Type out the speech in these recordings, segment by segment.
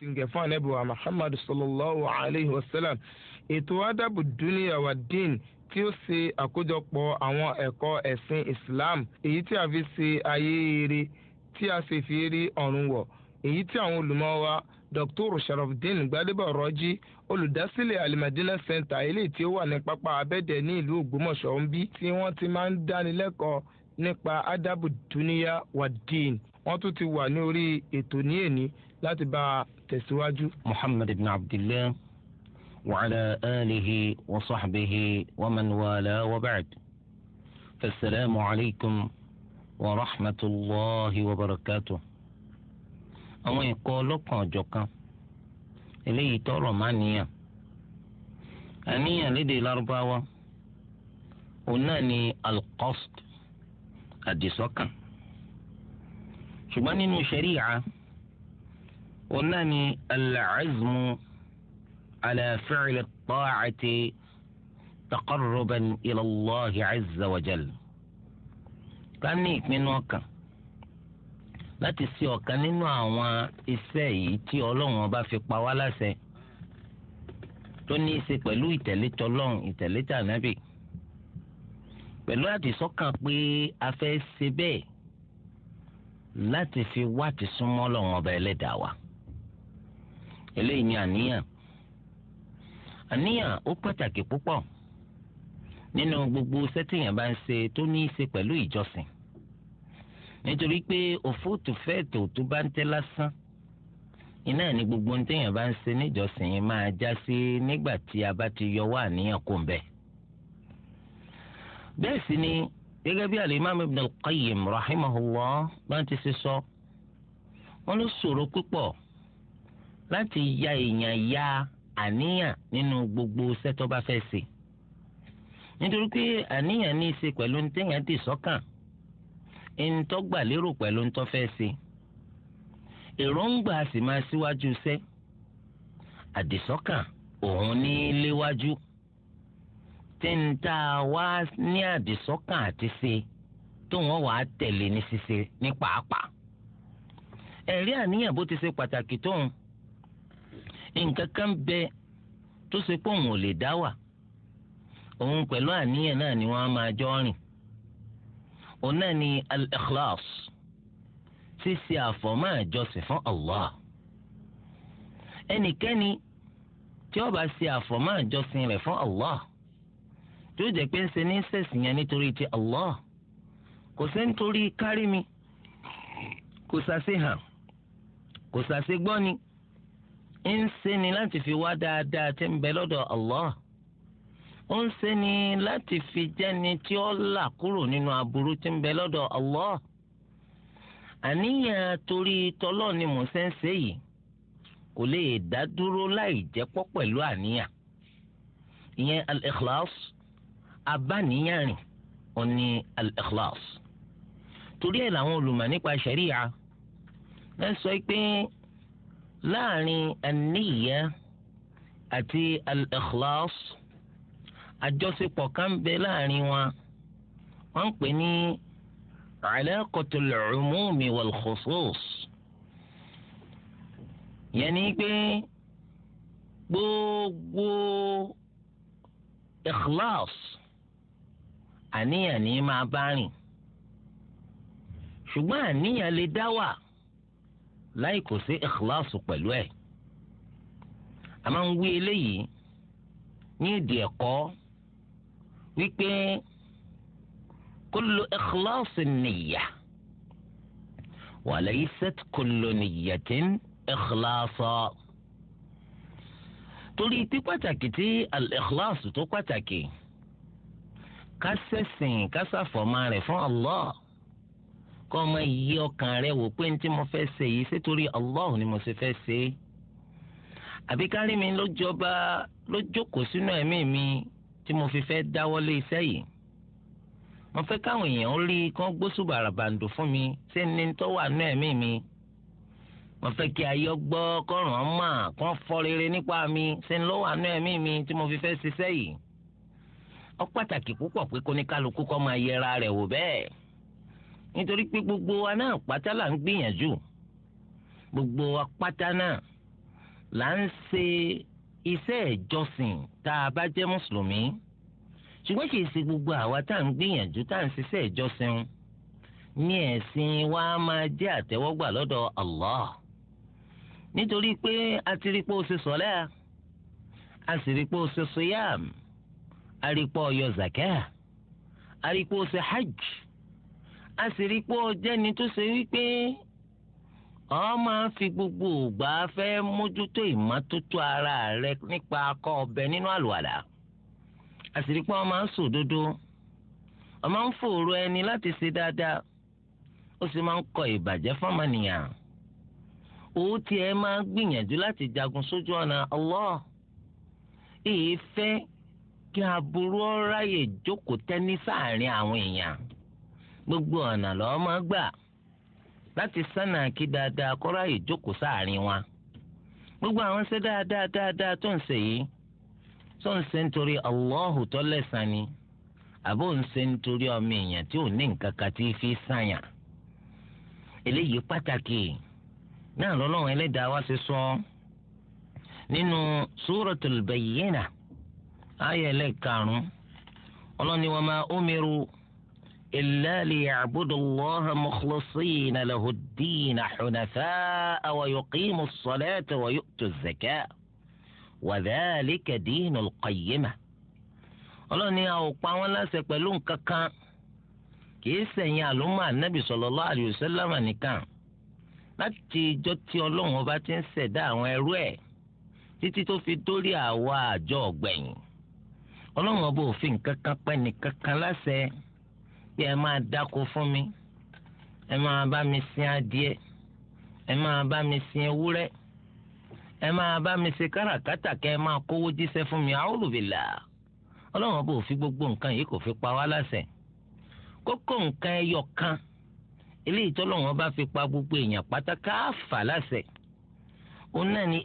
tí ń gẹ̀ fún muhammadu sallallahu alayhi wa sallam ètò adabu duniya wa din tí ó ṣe àkójọpọ̀ àwọn ẹ̀kọ́ ẹ̀sìn islam èyí tí a fi ṣe ayé eré tí a sì fi rí ọ̀run wọ̀ èyí tí àwọn olùmọ̀ wa dr sharafdin gbadebo rọjí olùdásílẹ̀ alimadina center ilé tí ó wà ní pápá abẹ́dẹ ní ìlú ògbómọ̀ṣọ́ ń bí tí wọ́n ti máa ń dánilẹ́kọ̀ọ́ nípa adabu duniya wa din wọ́n tún ti wà ní orí ètò ní èní láti bá a tẹ̀síwájú. muhammad ibn abdillah wàhálà alihi wa sàḥbihi wa man wàhálà wa bàd fasalaamu alaykum wa rahmatulahi wa barakatu. àwọn ẹ̀kọ́ ọlọ́kan ọ̀jọ̀kan eléyìí tọrọ máa níyàn àníyàn lédè lárúbáwá òun náà ni alqasd àdìsọ́kàn ṣùgbọ́n nínú ṣẹ̀ríyà òun náà ni al-azmu ala fi'l at-ta'ati taqarruban ila Allah azza wa jal ká ní ìpinnu ọkàn láti ṣe ọ̀kan nínú àwọn iṣẹ́ yìí tí ọlọ́run ọba fi pa wá láṣẹ tó ní í ṣe pẹ̀lú ìtẹ̀lé tọlọ́run ìtẹ̀lé tànábì pẹ̀lú àdìsọ́kàn pé a fẹ́ ṣe bẹ́ẹ̀ láti fi wá ti súnmọ́ ọlọ́run ọba ẹlẹ́dàá wa eléyìí ni àníyàn àníyàn ó pàtàkì púpọ̀ nínú gbogbo sẹ́tìyàn bá ń ṣe tó ní í ṣe pẹ̀lú ìjọsìn nítorí pé òfóòtú fẹ́ẹ̀tò tó bá ń tẹ́ lásán iná ní gbogbo ohun téèyàn bá ń ṣe níjọsìn máa já sí nígbà tí a bá ti yọ wá àníyàn kò ń bẹ̀. bẹ́ẹ̀ sì ni gẹ́gẹ́ bí alimami Ibn al-Qayyim rahimahullah bá ń ti ṣe sọ wọ́n ló ṣòro púpọ̀ láti ya èèyàn ya àníyàn nínú gbogbo iṣẹ́ tó bá fẹ́ ṣe nítorí pé àníyàn ní í ṣe pẹ̀lú ní téèyàn dì sọ́kàn gbà lérò pẹ̀lú ní fẹ́ ṣe èròǹgbà sì máa síwájú iṣẹ́ àdìsọ́kàn òun ní léwájú tí wá ní àdìsọ́kàn àti ṣe nǹkan kan bẹ tó ṣe pé òun ò lè dá wà òun pẹ̀lú àníyàn náà ni wọ́n á máa jọ rìn òun náà ni al-ikhlas ṣíṣe àfọ̀mọ́ àjọsìn fún Allah ẹnikẹ́ni tí ó bá ṣe àfọ̀mọ́ àjọsìn rẹ̀ fún Allah tí ó jẹ́ pé ń ṣe ní sẹ̀sìn yẹn nítorí ti Allah kò ṣe nítorí kárí mi kò ṣàṣe hàn kò ṣàṣe gbọ́ ni ń ṣe ni láti fi wá dáadáa tí ń bẹ lọ́dọ̀ Allah ó ń ṣe ni láti fi jẹ́ni tí ó là kúrò nínú aburú tí ń bẹ lọ́dọ̀ Allah àníyàn torí tọ́lọ́ ni mò ń ṣe ń ṣe yìí kò lè dá dúró láì jẹ́pọ̀ pẹ̀lú àníyàn ìyẹn al-ikhlas abáníyàn rìn al-ikhlas torí ẹ̀ làwọn olùmọ̀ nípa ṣẹ̀ríyà ẹ sọ pé láàrin àníyá àti al-ikhlas àjọṣepọ̀ kan bẹ láàrin wọn wọ́n ń pè ní alaqatul umumi wal khusus yẹn ni pé gbogbo ikhlas àníyàn ní máa bá rìn ṣùgbọ́n àníyàn lè dá wà. láì kò sí ìkíláàsù pẹ̀lú ẹ̀ a máa ń wí eléyìí ní èdè ẹ̀kọ́ wípé kullu ìkíláàsù nìyà wa laysat kullu nìyàtin ìkíláàsù torí tí pàtàkì tí al-ìkíláàsù tó pàtàkì ká ṣẹ̀sìn ká ṣàfọ̀mọ́ rẹ̀ fún Allah. kọ́ ọmọ yìí ọkàn rẹ wò pé ní tí mo fẹ́ ṣe yìí ṣé Allah ni mo ṣe fẹ́ ṣe é àbí kárí mi ló jọba ló jókòó sínú ẹ̀mí mi tí mo fi fẹ́ dáwọ́lé iṣẹ́ yìí mo fẹ́ káwọn èèyàn rí kán gbósù bàràbàǹdò fún mi ṣé ní tó wà nú ẹ̀mí mi mo fẹ́ kí ayọ́ gbọ́ kọ́ràn án mà kán fọ́ rere nípa mi ṣé ní ló wà nú ẹ̀mí mi tí mo fi fẹ́ ṣiṣẹ́ yìí ó pàtàkì púpọ̀ pé kóníkálukú kó máa yẹra rẹ̀ wò bẹ́ẹ̀ nítorí pé gbogbo wa náà pátá là ń gbìyànjú gbogbo wa pátá náà là ń ṣe iṣẹ́ ìjọsìn tá a bá jẹ́ mùsùlùmí ṣùgbọ́n kì í ṣe gbogbo àwa tá à ń gbìyànjú tá à ń ṣiṣẹ́ ìjọsìn ní ẹ̀sìn wa máa jẹ́ àtẹ́wọ́gbà lọ́dọ̀ Allah nítorí pé a ti rí pé o ṣe sọ́lẹ́ a a sì rí pé o ṣe sọ́yàm a rí pé o yọ a rí pé o ṣe hajj. a sì rí pé tó ṣe wípé ọ máa ń fi gbogbo ògbà fẹ́ mójútó ìmọ́tótó ara rẹ nípa akọ ọbẹ̀ nínú àlùwàdà. a sì rí pé ọ máa ń dodo ọ máa ń ẹni láti ṣe dáadáa ó sì máa ń kọ ìbàjẹ́ fọ́mọnìyàn òun tiẹ̀ máa ń gbìyànjú láti jagun sójú ọ̀nà kí aburú ọ̀ráyè jókòó tẹ́ ní sáàárín àwọn èèyàn. gbogbo ọ̀nà lọ́ọ́ máa gbà láti sánà kí dáadáa kọ́ra ìjókòó sáàrin wa gbogbo àwọn ṣe dáadáa dáadáa tó ń ṣe yìí tó ń ṣe nítorí Allahu tó lẹ́sàn ni àbó ń ṣe nítorí ọmọ èèyàn tí ò ní nǹkan kan tí fi sànyà eléyìí pàtàkì náà lọ́lọ́run ẹlẹ́dàá ṣe sọ nínú karùn-ún ọlọ́ni إلا ليعبدوا الله مخلصين له الدين حنفاء ويقيموا الصلاة ويؤتوا الزكاة وذلك دين القيمة Ọlọ́run ni a ò pa wọ́n láṣẹ pẹ̀lú nǹkan kan kìí sẹ̀yìn àlùmọ́ ànábì sallallahu alayhi wa sallam nìkan láti ìjọ tí ọlọ́run ọba ti ń ṣẹ̀dá àwọn ẹrú ẹ̀ títí tó fi dórí àwa àjọ ọ̀gbẹ̀yìn ọlọ́run ọba òfin kankan pẹ́ni kankan láṣẹ. pé ẹ máa dáko fún mi ẹ máa bá mi sin adìẹ ẹ máa bá mi sin ewúrẹ́ ẹ máa bá mi ṣe káràkátà kẹ ẹ máa kówó fún mi a'udhu billah ọlọ́run bò fi gbogbo nǹkan yìí kò fi pa wá lásẹ̀ kókó nǹkan ẹyọ kan eléyìí tọ́lọ́run bá fi gbogbo èèyàn pátákà fà òun náà ni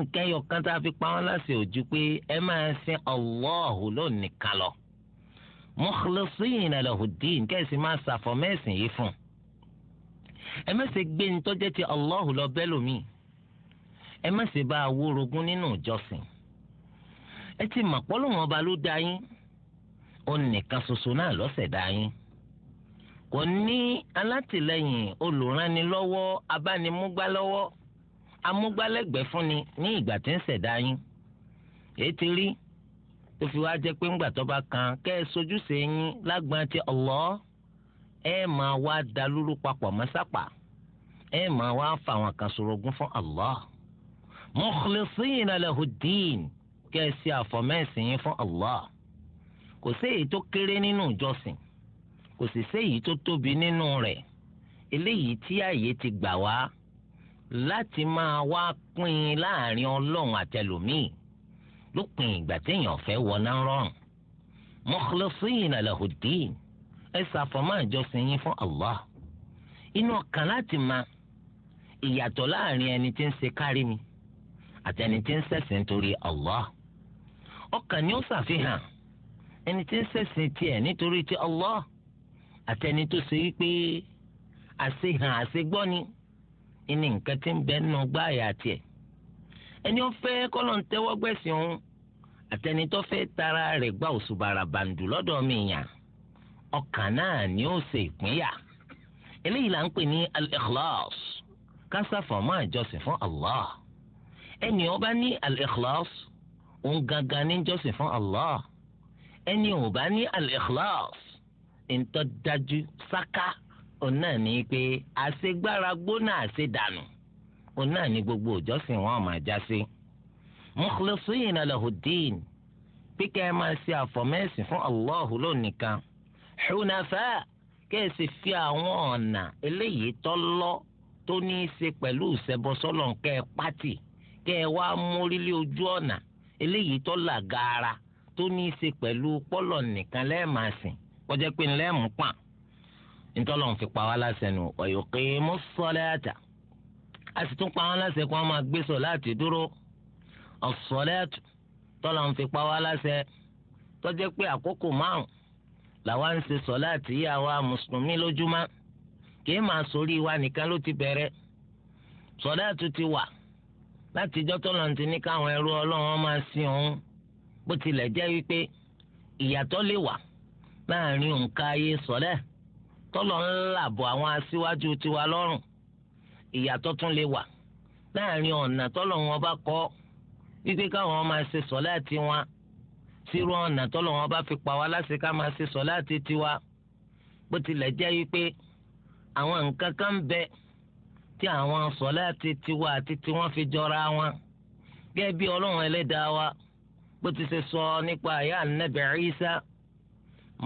nǹkan ẹyọ kan tá fi mukhlasina lahud-din kẹ́sì máa ṣàfọ̀ mẹ́sìn yìí fún un. ẹ má ṣe gbé ní tọ́jẹ́ ti Allahu lọ bẹ́ẹ̀ lómi ẹ má ṣe bá awórogún nínú ìjọsìn ẹ ti mọ̀ pọ́lọ́wọ́n ọba ló dá yín ó nìkan ṣoṣo náà lọ́sẹ̀ dá yín kò ní alátìlẹyìn olùrànilọ́wọ́ abánimúgbálọ́wọ́ amúgbálẹ́gbẹ̀ẹ́ fúnni ní ìgbà tí ń ṣẹ̀dá yín ètí rí ó fi wá jẹ́ pé ńgbà tó bá kan kẹ́ ẹ sojúṣe yín lágbọ́n ti Allah ẹ máa wá dalúrú papọ̀ mọ́sápà ẹ máa wá fà wọn kan fún Allah mukhlisina lahu ddin kẹ́ ẹ ṣe àfọ̀mẹ́sìn yín fún Allah kò sí èyí tó kéré nínú ìjọsìn kò sì séyìí tó tóbi nínú rẹ̀ eléyìí tí ààyè ti gbà wá láti máa wá pín in láàrin ọlọ́run àtẹlòmíì lópin ìgbà téèyàn fẹ́ wọná rọrùn mukhlisina lahuddin ẹ ṣàfọ̀mọ́ àjọsìn yín fún Allah inú ọkàn láti ma ìyàtọ̀ láàrin ẹni tí ń ṣe kárí mi àti ẹni tí ń ṣẹ̀sìn nítorí Allah ọkàn ni ó ṣàfihàn ẹni tí ń ṣẹ̀sìn tiẹ̀ nítorí ti Allah àti ẹni tó ṣe wípé àṣehàn àṣegbọ́ ni ìní nǹkan ti ń bẹ́ẹ̀ nù gbáàyà tiẹ̀ ẹni ó fẹ́ kọ́lọ̀ ń tẹ́wọ́ gbẹ̀sìn òun àtẹni tó fẹ́ tara rẹ̀ gba òṣùbàrà bàǹdù lọ́dọ̀ mi yàn ọkàn náà ni ó ṣe ìpínyà eléyìí là ń pè ní al-ikhlas kásáfọ̀ máa fún Allah ẹni ó bá ní al-ikhlas òun gangan ní jọ́sìn fún Allah ẹni ò bá ní al-ikhlas ntọ́ dájú sáká òun náà ní pé àṣegbára gbóná àṣedànù òun náà ni gbogbo òjọ́sìn wọn máa já sí. mukhlisin lahud-din bí kẹ́ ẹ máa ṣe àfọ̀mẹ́sìn fún Allahu lónìkan hunafa kẹ́ ẹ sì fi àwọn ọ̀nà eléyìí tọ́lọ́ tó ní í ṣe pẹ̀lú ìṣẹ́bọsọ́lọ̀ kẹ́ ẹ pátì kẹ́ ẹ wá mórílé ojú ọ̀nà eléyìí tó là tó ní í ṣe pẹ̀lú pọ́lọ̀ nìkan lẹ́ẹ̀máa kọjá pé ńlẹ́ẹ̀mú pàn fi pa wá láṣẹ nù wa yuqimus a sì tún pa wọn láṣẹ kí wọn máa gbé sọ láti dúró ọ̀sọ̀lẹ́tù tọ́lá ń fi pa wá láṣẹ tọ́jẹ́ pé àkókò márùn làwa kì í máa sórí wa nìkan ló ti bẹ̀rẹ̀ sọ̀dáàtù ti wà láti ìjọ́ tọ́lá ti ní káwọn ẹrú ọlọ́run máa sin òun bó tilẹ̀ jẹ́ wípé ìyàtọ̀ lè wà láàrin òǹkà ayé sọ̀lẹ́ tọ́lọ̀ ńlá bọ̀ àwọn aṣíwájú tiwa lọ́rùn ìyàtọ̀ tún lè wà láàrin ọ̀nà tọ́lọ́run ọba kọ́ wípé káwọn máa ṣe sọ́láàtì wọn sírú ọ̀nà tọ́lọ́run ọba fi pa wá láṣẹ ká máa ṣe sọ́láàtì tiwa bó tilẹ̀ jẹ́ wípé àwọn nǹkan kan ń bẹ tí àwọn sọ́láàtì tiwa àti tiwọn fi jọra wọn gẹ́gẹ́ bí ọlọ́run ẹlẹ́dàá wa bó ti ṣe sọ nípa àyà Ànábì Ìsá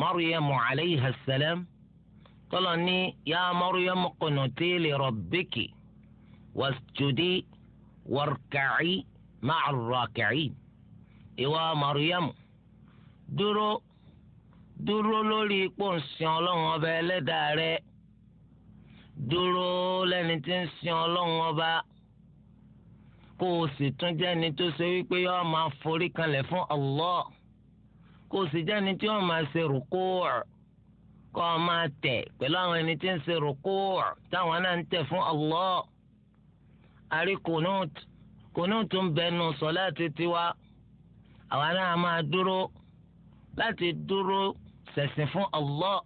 Maryamu alayhi salam tọ́lọ́ ní yá Maryamu qunuti li rabbiki wasjudi warkaci maca rakici ìwà mariam dúró dúró lórí ipò ńsìn ọlọ́run ọba ẹlẹ́dàá rẹ dúró lẹ́ni tí ń sin ọlọ́run ọba kó o sì tún jẹ́ni tó ṣe wípé yóò máa forí kanlẹ̀ fún Allah kó o sì jẹ́ni tí yóò máa ṣe rùkúù kó o máa tẹ̀ pẹ̀lú àwọn ẹni tí ń ṣe rùkúù táwọn náà ń tẹ̀ fún Allah àrí kunut kunut ń bẹnu sọláàtì tiwa àwa náà máa dúró láti dúró ṣẹ̀sìn fún Allah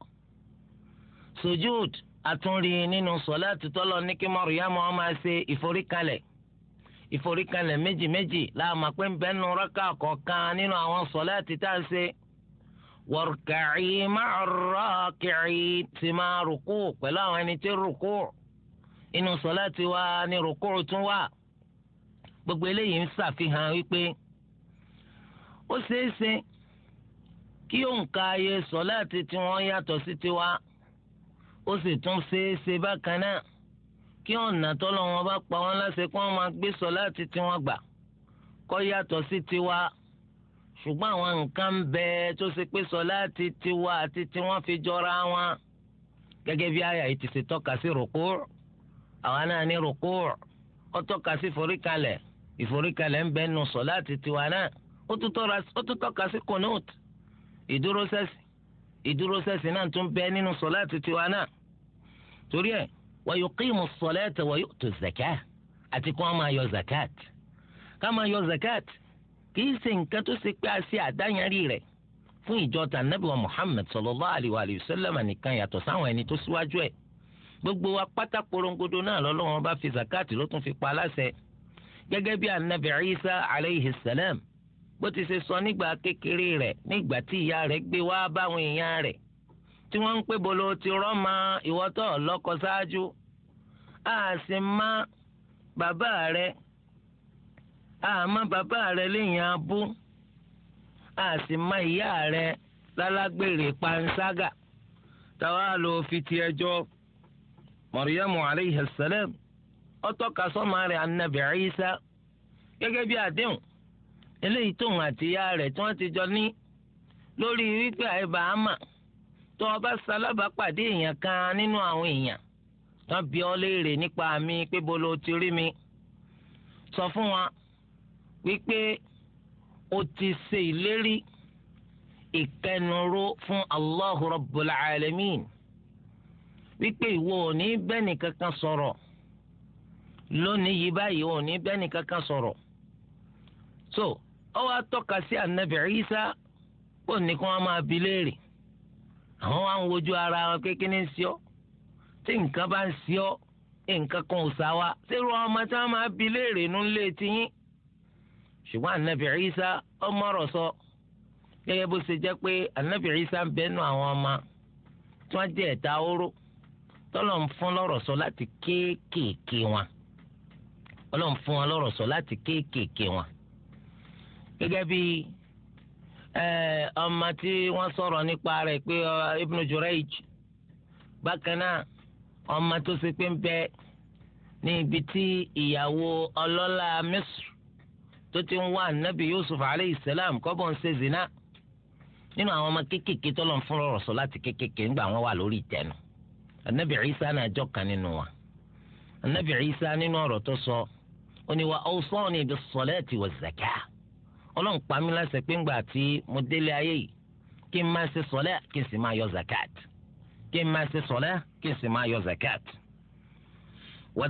sujud àtúnrí nínú sọláàtì tọ́lọ ní kí Maryamu ó máa ṣe ìforíkalẹ̀ ìforíkalẹ̀ méjì méjì láàmà pé ń bẹnu rákà kọ̀ọ̀kan nínú àwọn sọláàtì tá a ṣe warka'i ma'a raki'i ti máa rúkú pẹ̀lú àwọn ẹni tí rúkú inú sọláàtì wa ní rùkúrù tún wà gbogbo eléyìí ń ṣàfihàn wípé ó ṣeé ṣe kí òǹkà ayé sọláàtì tí wọ́n yàtọ̀ sí tiwa ó sì tún ṣeé ṣe bákan náà kí ọ̀nà tọ́lọ́ wọn bá pa wọ́n láṣẹ kí wọ́n máa gbé sọláàtì tí wọ́n gbà kó yàtọ̀ sí tiwa ṣùgbọ́n àwọn nǹkan bẹ tó ṣe pé sọláàtì tiwa àti tiwọn fi jọra wọn gẹ́gẹ́ bí àyà yìí ti ṣe tọ́ka sí rùkúrù àwa náà ní rúkú ó tọ́ka sí foríkalẹ̀ ìforíkalẹ̀ ń bẹ nù sọ̀láàtì tiwa náà ó tún tọ́ka sí kùnút ìdúróṣẹ́sì ìdúróṣẹ́sì náà tún bẹ nínú sọ̀láàtì tiwa náà torí ẹ̀ wa yuqimu sọ̀láàtì wa yu'tu zakat àti kí wọ́n máa yọ zakat ká máa yọ zakat kì í ṣe nǹkan tó ṣe pé a ṣe àdáyanrí rẹ̀ fún ìjọ tànàbí wa Muhammad sallallahu alayhi wa sallam nìkan yàtọ̀ sáwọn ẹni tó síwájú ẹ̀ gbogbo wa pátá korongodo náà lọ́lọ́wọ́n bá fi zakati ló tún fi pa aláṣẹ gẹ́gẹ́ bí anabi isa aleyhi salam bó ti ṣe sọ nígbà kékeré rẹ̀ nígbà tí ìyá rẹ̀ gbé wá báwọn èèyàn rẹ̀ tí wọ́n ń pè bolo ti rọ́mà ìwọ́tọ̀ lọ́kọ ṣáájú a bàbá rẹ̀ a bàbá rẹ̀ léèyàn abú a ìyá rẹ̀ lálágbèrè panṣágà táwa lọ fi ti ẹjọ́. E mọ̀ríyàmù aleyhi salam ó tọ́ka sọ́mọ rẹ̀ anabi Isa gẹ́gẹ́ bí àdéhùn eléyìí tóun àti ìyá rẹ̀ tí wọ́n ti jọ ní lórí wípé àìbá àmà tó o bá ṣalábàápàdé èèyàn kan nínú àwọn èèyàn tán bi ọ́ léèrè nípa mi pé bolo ti rí mi sọ fún wa wípé o ti ṣe ìlérí ìkẹnuró fún Allahu Rabbul Alamin. wípé ìwọ ò ní bẹ́ẹ̀ni kankan sọ̀rọ̀ lónìí yìí báyìí ò ní bẹ́ẹ̀ni kankan sọ̀rọ̀ so ọ wá tọ́ka sí anabi Isa ó ní kí wọ́n máa bi léèrè àwọn wá ń wojú ara wọn pé ń tí nǹkan bá ń ṣe nǹkan kan ò sá wa sẹ́rù àwọn ọmọ tí wọ́n máa bi léèrè nú lé tiyín ṣùgbọ́n anabi ọmọ rọ̀ sọ gẹ́gẹ́ bó ṣe jẹ́ pé anabi tọ́lọ̀ ń fún lọ́rọ̀ sọ láti kéékèèké wọn ọlọ́run fún wọn lọ́rọ̀ sọ láti kéékèèké wọn. gẹ́gẹ́ bí ọmọ tí wọ́n sọ̀rọ̀ nípa rẹ̀ pé Ibn Jurayj bákan náà ọmọ tó ṣe pé ń bẹ ní ibi tí ìyàwó ọlọ́lá Misr tó ti ń wá Nabi Yusuf alayhi salam kọ́bọ̀ ń ṣe zina nínú àwọn ọmọ kéékèèké tọ́lọ̀ ń fún lọ́rọ̀ sọ láti kéékèèké ńgbà wọn wà lórí ìtẹ́nu. anabi isa na jọ kan nínú wa anabi isa nínú ọ̀rọ̀ tó sọ wa awsani bis salati waz zakah ọlọ́run pa mí láṣẹ pé ti mo délé kí n ma se sọlẹ́ kí n sì zakat kí n máa ṣe sọlẹ́ kí n esi máa yọ zakat wa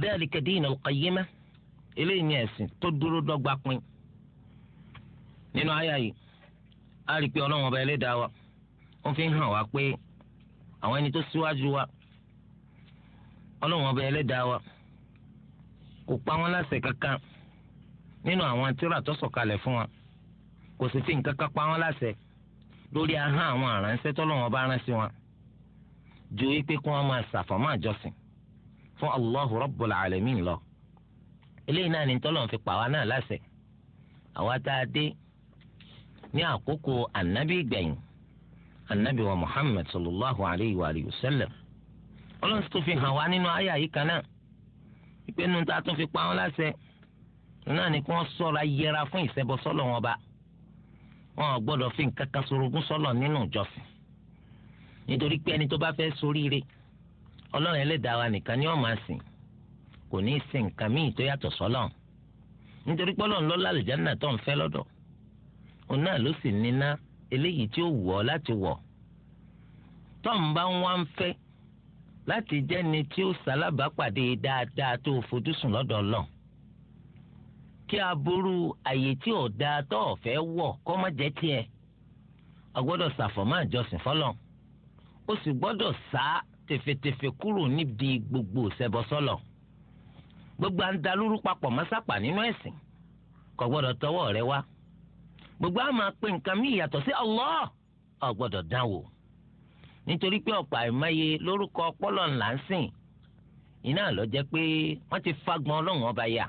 ni tó dúró pin nínú a rí i pé ọlọ́run wa ó fi hàn wá pé ọlọ́run ọba ẹlẹ́dàá wa kò pa wọn láṣẹ kankan nínú àwọn tírà tó sọ̀kalẹ̀ fún wa kò sì fi nǹkan kan pa wọn láṣẹ lórí ahọ́n àwọn aránṣẹ́ tọ́lọ́run ọba rán sí wọn ju wípé kí wọ́n máa ṣàfọ̀mọ́ àjọsìn fún Allahu Rabbul Alamin lọ eléyìí náà ni tọ́lọ́run fi pa wá náà láṣẹ àwa tá a dé ní àkókò ànábì gbẹ̀yìn ànábì wa Muhammad sallallahu alayhi wa sallam ọlọ́run tó fi hàn wá nínú àyà yìí kan náà ìpè nu ta tún fi pa wọn láṣẹ náà ni kí wọ́n ṣọ́ra yẹra fún ìṣẹ́bọ sọ́lọ̀ wọn bá wọn ò fi nǹkan kan sorogún sọ́lọ̀ nínú ìjọsìn nítorí pé ẹni tó bá fẹ́ soríire ọlọ́run ẹlẹ́dàá wa nìkan ni wọ́n máa sìn kò ní í sìn nǹkan míì tó yàtọ̀ sọ́lọ̀ nítorí pé ọlọ́run lọ́la àlùjánnà tó ń fẹ́ lọ́dọ̀ òun náà ló sì níná eléyìí tí ó wọ̀ láti wọ̀ tọ́ǹbà ń wá ń fẹ́ láti jẹ́ni tí ó ṣalábàápàdé dáadáa tó fojúsùn lọ́dọ̀ Ọlọ́run kí aburú àyè tí ò dáa tó ọ̀fẹ́ wọ̀ kọ́ má jẹ́ tiẹ̀ a gbọ́dọ̀ àjọsìn fọlọ́ ó sì gbọ́dọ̀ sá tẹfẹtẹfẹ kúrò níbi gbogbo ìṣẹbọsọlọ gbogbo àǹdalúrú papọ̀ mọ́sápà nínú ẹ̀sìn kò gbọ́dọ̀ tọwọ́ rẹ̀ wá gbogbo àmà pé nǹkan mí ìyàtọ̀ sí Allah nítorí pé ọ̀pọ̀ àìmọye lórúkọ ọpọlọ ńlá ń sìn iná lọ jẹ́ pé wọ́n ti fagbọn ọlọ́run ọba yà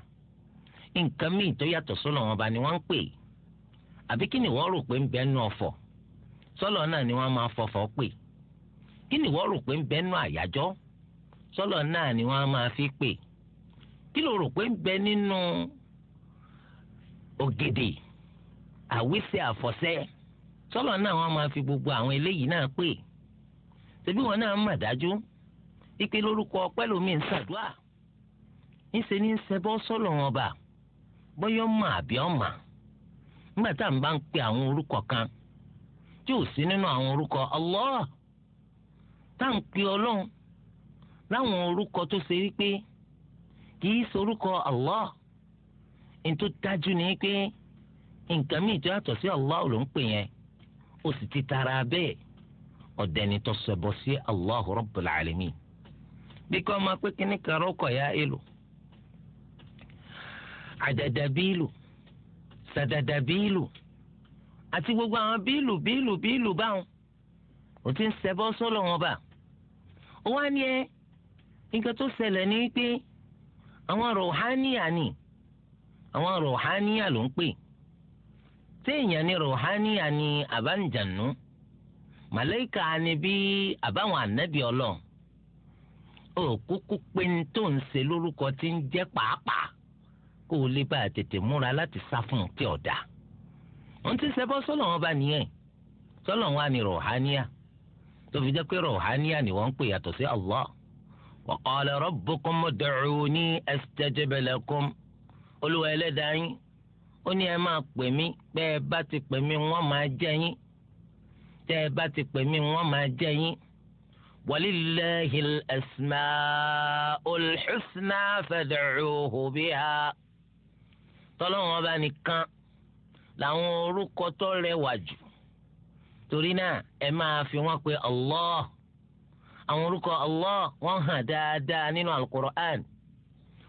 nǹkan míì tó yàtọ̀ sọ́lọ̀ ọba ni wọ́n ń pè àbí kí ni wọ́n rò pé ń bẹ́ẹ̀ nù ọ̀fọ̀ sọ́lọ̀ náà ni wọ́n máa fọ̀fọ̀ pè kí ni wọ́n rò pé ń bẹ́ẹ̀ nù àyájọ́ sọ́lọ̀ náà ni wọ́n máa fi pè kí ló rò pé ń bẹ nínú ògèdè àwísẹ̀ àfọ̀sẹ́ sọ́lọ̀ náà wọ́n máa fi gbogbo àwọn eléyìí náà pè. ṣebí wọn náà mà dájú ipe lórúkọ pẹ̀lú mi ń ṣàdúà ńṣe ní ṣẹbọ sọlọ wọn bá bọyọ mà àbí ọmà nígbà tá à ń bá ń pe àwọn orúkọ kan tí ò sí nínú àwọn orúkọ tá à ń pe Ọlọ́run láwọn orúkọ tó ṣe wípé sorúkọ dájú ni pé nǹkan mìíràn ọ̀dẹni tó sẹ̀bọ̀ sí Allahu Rabbul Alamin bí kò máa pé kíní kan ya èlò àdàdà bíìlù sàdàdà bíìlù àti gbogbo àwọn bíìlù bíìlù bíìlù báwọn ò ti ń sẹ̀bọ̀ sọ́lọ̀ wọn bá ó wá ní ẹ nǹkan tó ṣẹlẹ̀ ní pé àwọn ni àwọn màláìka ni bí àbáwọn ànábì ọlọ́run ó kúkú pé ní tó ń ṣe lórúkọ tí ń jẹ́ pàápàá kó o lè bá a tètè múra láti sá fún un tí ọ̀dà wọ́n ti ṣẹbọ sọ́lọ̀ wọn bá nìyẹn sọ́lọ̀ wọn ni rọ̀háníà tó fi jẹ́ pé rọ̀háníà ni wọ́n ń pè yàtọ̀ sí Allah wa qala rabbukum ud'uni astajib lakum olúwa yín ó ní ẹ máa pè mí bẹ́ẹ̀ bá ti pè mí wọ́n máa jẹ́ yín tẹ́ ẹ bá ti pè mí wọ́n máa jẹ́ yín. ولله الأسماء الحسنى فادعوه بها tọ́lọ́wọ́n bá nìkan làwọn orúkọ tó rẹwà jù torí náà ẹ máa fi wọ́n pe allah àwọn orúkọ allah wọ́n hàn dáadáa nínú alukur'an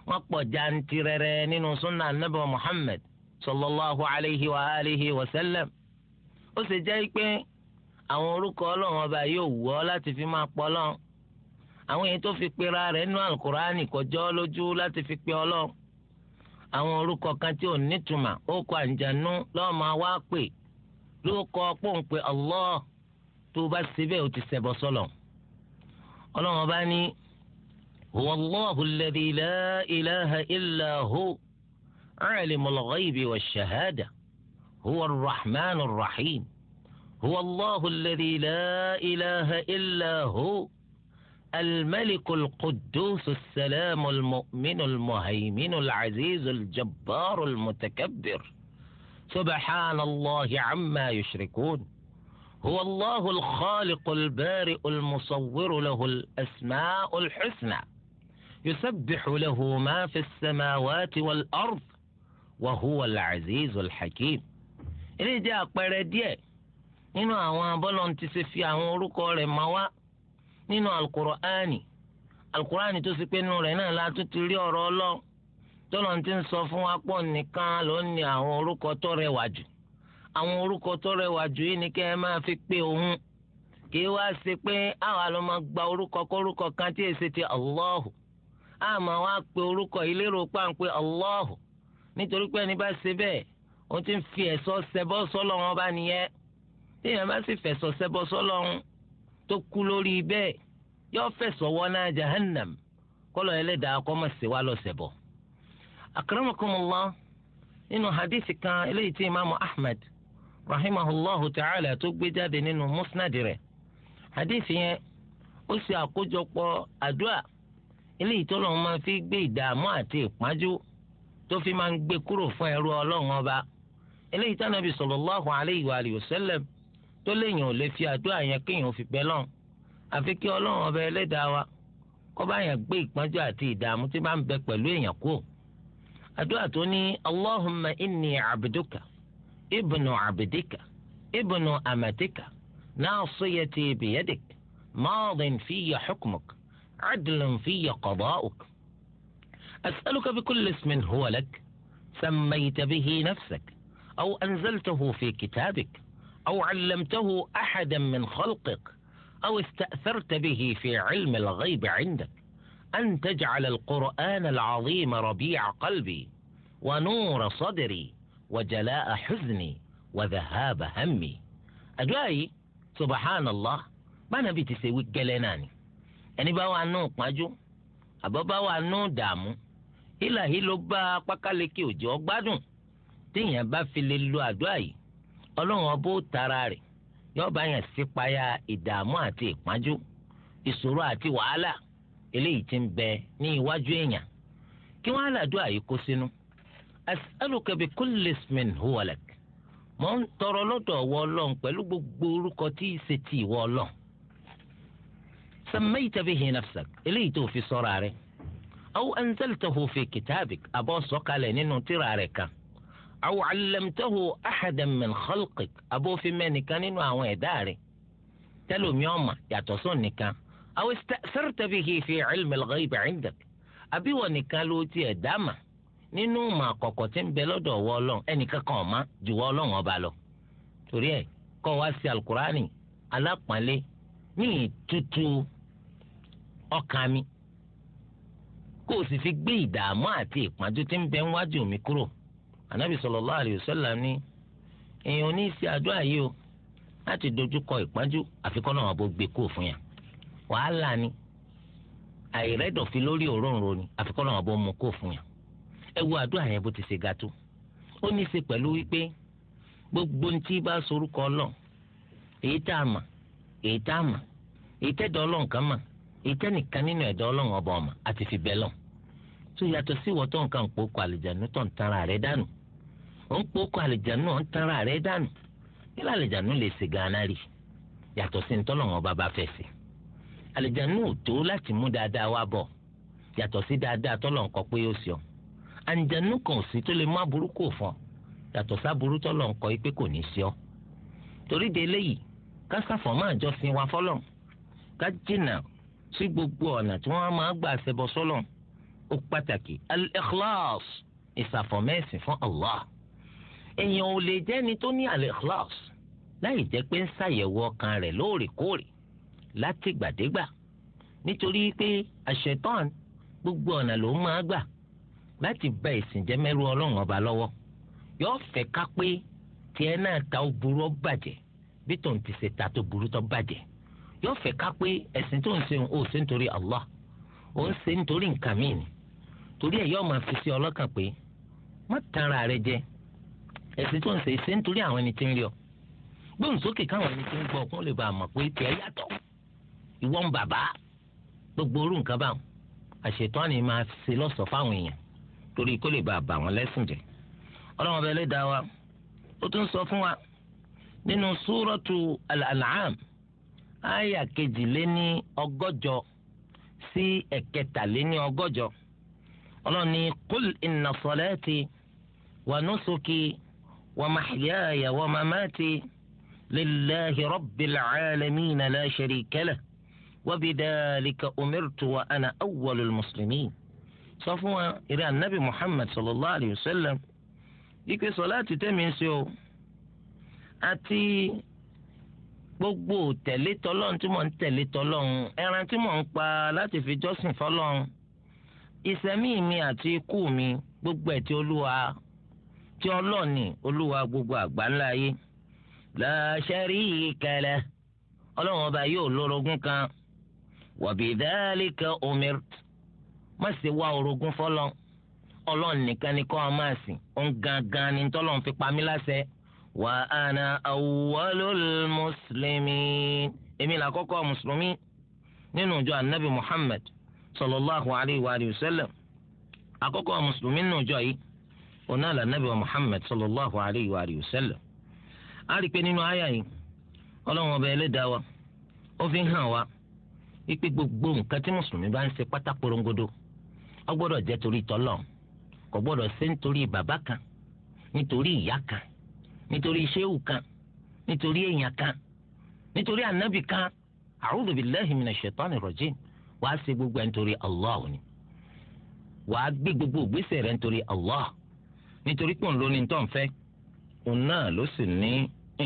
wọ́n pọ̀ jantirẹrẹ nínú sunna anabi muhammad sallallahu alayhi wa alihi wa sallam ó sì jẹ́ pé àwọn orúkọ ọlọ́run ọba yóò wù ọ́ láti fi máa pọ̀ ọlọ́run àwọn èyí tó fi pera rẹ̀ nínú alukurani kọjọ́ lójú láti fi pe ọlọ́run àwọn orúkọ kan tí ò nítumọ̀ ó kọ àǹjànú lọ́ọ́ máa wá pè ló kọ pòǹpẹ́ Allah tó bá síbẹ̀ ó ti ṣẹbọ sọ́lọ̀ ọlọ́run ọba ní wallahu alladhi la ilaha illa hu alimul ghaybi wash shahada huwa ar rahim. هو الله الذي لا إله إلا هو الملك القدوس السلام المؤمن المهيمن العزيز الجبار المتكبر سبحان الله عما يشركون هو الله الخالق البارئ المصور له الأسماء الحسنى يسبح له ما في السماوات والأرض وهو العزيز الحكيم إذا جاء قرديه nínú àwọn abọ́lọ̀ ti ṣe fi àwọn orúkọ rẹ̀ máa wá nínú alukur'ani alukur'ani tó ṣe pé nínú rẹ̀ náà la tún ti rí ọ̀rọ̀ ọlọ́run tọ́lọ̀ ti ń sọ fún wa pọ̀ nìkan ló ń ní àwọn orúkọ tó rẹwà jù àwọn orúkọ tó rẹwà jù yìí ni kẹ́ ẹ máa fi pé òun kì í wá ṣe pé àwa ló máa gba orúkọ kórúkọ kan tí èsì ti Allahu a máa wá pe orúkọ yìí lérò páńpẹ́ Allahu nítorí pé ẹni bá ṣe bẹ́ẹ̀ ó ti ń fi ẹ̀sọ́ ṣẹbọ́ sọ́lọ́ wọn bá nìyẹn téèyàn bá sì fẹ̀sọ̀ ṣẹbọ sọ́lọ́run tó kú lórí bẹ́ẹ̀ yóò fẹ̀sọ̀ wọná jahannam kọ́lọ̀ ẹlẹ́dàá kọ́ mọ̀ lọ ṣẹbọ. akramakumullah nínú hadithi kan eléyìí tí imaamu ahmed rahimahulahu ta'ala tó gbé jáde nínú musnad rẹ̀ hadithi yẹn ó ṣe àkójọpọ̀ àdúrà eléyìí tó lọ́wọ́ máa fi gbé ìdààmú àti ìpájú tó fi máa ń gbé kúrò fún ẹrú ọlọ́run ọba eléyìí tánàbí sallallahu alayhi wa alihi wa sallam tó léèyàn ò lè fi àdúrà yẹn kéèyàn fi bẹ́ lọ́n àfi kí ọlọ́run ọba ẹlẹ́dàá wa kó bá yẹn gbé ìpọ́njú àti ìdààmú tí bá ń bẹ pẹ̀lú èèyàn kú. àdúrà tó ní allahumma inni abduka ibnu abdika ibnu amatika nasiyati biyadik maadin fiya hukmuk cadlan fiya qadaa'uk. أسألك بكل اسم هو لك huwalek به نفسك aw أنزلته في كتابك أو علمته أحدا من خلقك أو استأثرت به في علم الغيب عندك أن تجعل القرآن العظيم ربيع قلبي ونور صدري وجلاء حزني وذهاب همي أجواي سبحان الله ما نبي تسوي جلناني يعني باو عنو قاجو wà nù باو عنو دامو الهي لبا fi lè lo ba تين يبا في للو ba ọlọ́run ọbó tara rẹ̀ yóò bá yẹn sípayà ìdààmú àti ìpájú ìṣòro àti wàhálà eléyìí tí ń bẹ ní iwájú èèyàn kí wọ́n á làdúrà yìí kó sínú as'aluka bi kulli ismin huwa lak mò ń tọrọ lọ́dọ̀ ọwọ́ ọlọ́run pẹ̀lú gbogbo orúkọ tí í ṣe ti ìwọ ọlọ́run sammayta bihi nafsak eléyìí tó fi sọ́ra rẹ̀ aw anzaltahu fi kitabik abọ́ sọ̀kalẹ̀ nínú tírà rẹ̀ kan aw allamtahu ahadan min khalqik abófin mẹ́nìkan nínú àwọn ẹ̀dá rẹ̀ tẹ́lómi ọ̀mà yàtọ̀ sóun nìkan aw ista'tharta bihi fi ilmi al-ghaybi 'indak àbíwọ̀ nìkan ló tiẹ̀ dáàmà nínú ìmọ̀ àkọ́kọ́ tí ń bẹ lọ́dọ̀ wọ́ ọlọ́run ẹnìkan kan ọ̀ma jù wọ́ ọlọ́run ọba lọ. torí ẹ kọ́ wá sí alukurani alápọ̀nlé ní ìtútù ọkàn mi kó o sì fi gbé ìdààmú àti ìpọ́njú tí ń bẹ níwájú mi kúrò anabi sallallahu alayhi wa sallam ní èèyàn ní ìsì àdúrà yìí o láti dojúkọ ìpájú àfikún náà bó gbé kó fún yà wàhálà ni àìrẹ́dọ̀fi lórí òróǹro ni àfikún náà bó mú kó fún yà ẹ wo àdúrà yẹn bó ti ṣe ga tó ó ní í ṣe pẹ̀lú wípé gbogbo ní tí bá sorúkọ ọlọ́ èyí tá a mà èyí tá a mà èyí tẹ́dọ̀ ọlọ́run kan mà èyí tẹ́nìkan nínú ẹ̀dọ́ ọlọ́run ọba ọ̀mà àti fi tó yàtọ̀ sí ìwọ́tọ̀ nǹkan pòókò àlìjánu tó ń tara rẹ̀ dànù ń pokọ àlìjánu ń tanra rẹ dànù kí làlìjánu lè ṣe gánà rí yàtọ̀ sí ntọ́lọ́wọ́n ọba bá fẹ́ sí àlìjánu ò tó láti mú dáadáa wá bọ̀ yàtọ̀ sí dáadáa tọ́lọ̀ ńkọ pé yóò sọ àlìjánu kan ò sí tó lè má burúkú òfin yàtọ̀ sáburú tọ́lọ̀ ńkọ pé kò ní sọ torí de eléyìí kásàfọ̀ máa jọ sin wa fọlọ́ ká jìnnà sí gbogbo ọ̀nà tí wọ́n máa gbà ṣẹbọ sọ́lọ̀ ó pàtàkì al-ikhlas ìsàfọ̀mẹ́sìn fún Allah èèyàn ò lè jẹ́ni tó ní al-ikhlas láì jẹ́ pé ń ṣàyẹ̀wò ọkàn rẹ̀ lóòrèkóòrè látìgbàdégbà nítorí pé àṣetán gbogbo ọ̀nà ló láti bá ìsìn ọlọ́run ọba lọ́wọ́ yóò fẹ́ ká pé tiẹ̀ náà ta ó burú bàjẹ́ bí tòun ti ṣe ta tó burú tó bàjẹ́ yóò fẹ́ ká pé ẹ̀sìn tó ń ṣe ò ṣe nítorí Allah ò ń ṣe nítorí nǹkan torí ẹ̀ yóò máa fi sí ọlọ́kàn pé má rẹ jẹ́ ẹ̀sìn tó ń ṣe ṣe nítorí àwọn ẹni tí ń rí ọ gbóhùn sókè káwọn ẹni tí ń gbọ́ kún lè bá a mọ̀ pé tẹ̀ yàtọ̀ ìwọ ń bàbá gbogbo orú nǹkan bá wọn àṣetán ni máa ṣe lọ́sọ̀ fáwọn èèyàn torí kó lè bá bà wọ́n lẹ́sìn jẹ́ ọlọ́run ọba ẹlẹ́dàá wa ó tún sọ fún wa nínú súrọ́tù al-an'am àyà kejìléní ọgọ́jọ sí ẹ̀kẹtàléní ọgọ́jọ ọlọ́run ní kul inna salati wa nusuki. ومحياي ومماتي لله رب العالمين لا شريك له وبذلك أمرت وأنا أول المسلمين صفوة إلى النبي محمد صلى الله عليه وسلم ike sọláàtì tẹ̀mí ṣe o àti gbogbo tẹ̀lé tọ́lọ́run tí mò ń tẹ̀lé tọ́lọ́run ẹran tí mò ń pa láti fi jọ́sìn fọ́lọ́run ìṣẹ̀mí mi àti ikú mi gbogbo ẹ̀ tí olúwa tí ọlọ́ọ̀ni olúwa gbogbo àgbáńlá ayé la sharika lah ọlọ́run ọba yóò lórogún kan wa bidhalika umirt má sì wá orogún fọlọ́ ọlọ́run nìkan ni kọ́ ọ máa sìn òun gangan ni tọ́lọ́run fi pa mí láṣẹ wa ana awwalul muslimin èmi làkọ́kọ́ mùsùlùmí nínú ìjọ anabi muhammad sallallahu alayhi wa àkọ́kọ́ mùsùlùmí nínú ìjọ yìí ọ̀nà àlànàbì wa Muhammad sallallahu alayhi wa alihi wa sallam a rí i pé nínú àyà yìí ọba ẹlẹ́dàá wa ó hàn wá ipe gbogbo nǹkan tí mùsùlùmí bá ń ṣe pátá porongodo ó gbọ́dọ̀ torí tọ́lọ̀ kò gbọ́dọ̀ ṣe nítorí bàbá kan nítorí ìyá kan nítorí ṣéwù kan nítorí èèyàn kan nítorí kan gbogbo ẹ̀ nítorí ni nítorí pé òun ló ní tó ń fẹ́ òun náà ló sì ní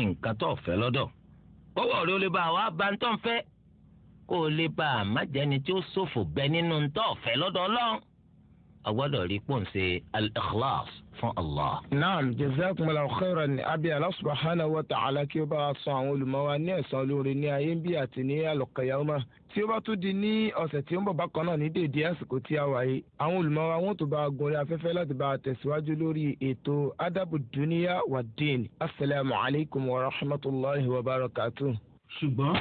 nǹkan tó fẹ́ lọ́dọ̀ kówó rẹ ó lè bá àwọn abantọ́ ń fẹ́ kó o lè bá àmájẹni tí ó ṣòfò bẹ nínú tó fẹ́ lọ́dọ̀ ọlọ́run a gbọ́dọ̀ rí pọ̀nse al-ikhlas fún allah. naam jazakumullahu khairan ni abi Allah subhanahu wa ta'ala kí ó bá a sọ àwọn olùmọ̀wá ní ẹ̀san olóore ní ayé ń bí àti ní al-qiyamah tí ó bá tún di ní ọ̀sẹ̀ tí ó ń bọ̀ bákan náà ní dèédé àsìkò tí a wà yìí àwọn olùmọ̀wá wọn tó bá a gorí afẹ́fẹ́ láti bá a tẹ̀síwájú lórí ètò adabu duniya wa din asalaamualeykum wa rahmatulahi wa barakatu. ṣùgbọ́n